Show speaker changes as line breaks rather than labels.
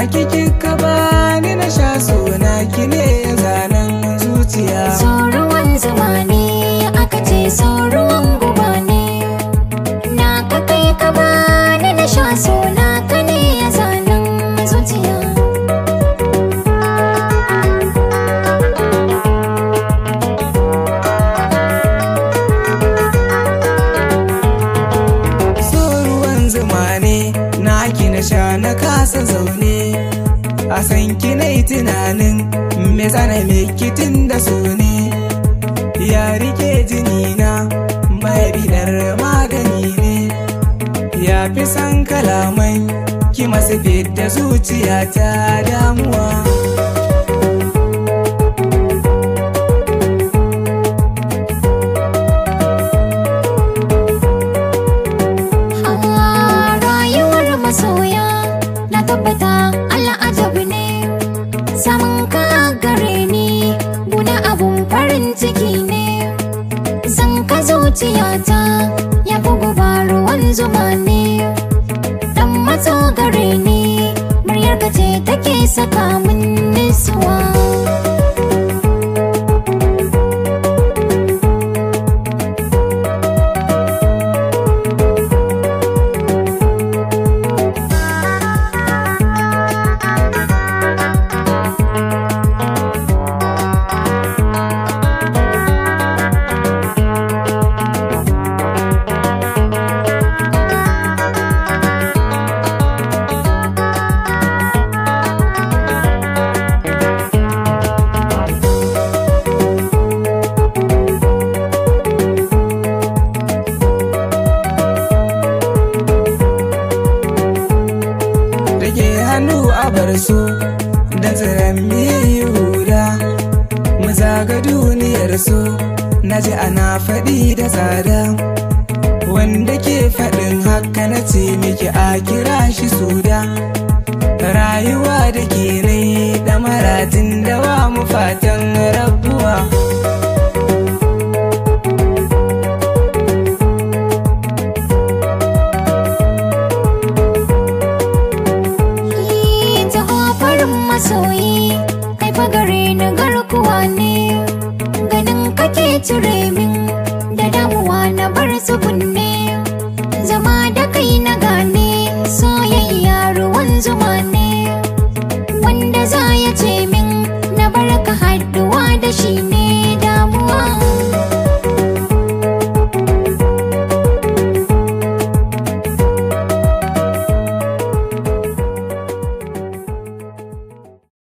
Like you, you san ki na tunanin me zana me kitin da su ne ya rike jini na mai bidar magani ne ya fi san kalamai ki masu da zuciya ta damuwa
samun ka gare ni guna abun farin ciki ne zan ka zuciyata ya bugu ba ruwan zuma ne dan matso gare ni muryar ka ce take saka min nisuwa
so da tsiran yi huda mu zaga duniyar so na ji ana faɗi da tsada wanda ke faɗin haka na ce miki a kira shi suda rayuwa da ke rai da maratin dawa mu fatan rabuwa
koyi haifa gare na garkuwa ne ganin kake cire min da damuwa na bar su kunne zama da kai na gane soyayya ruwan zuma ne wanda za ya ce min na bar ka haduwa da shi ne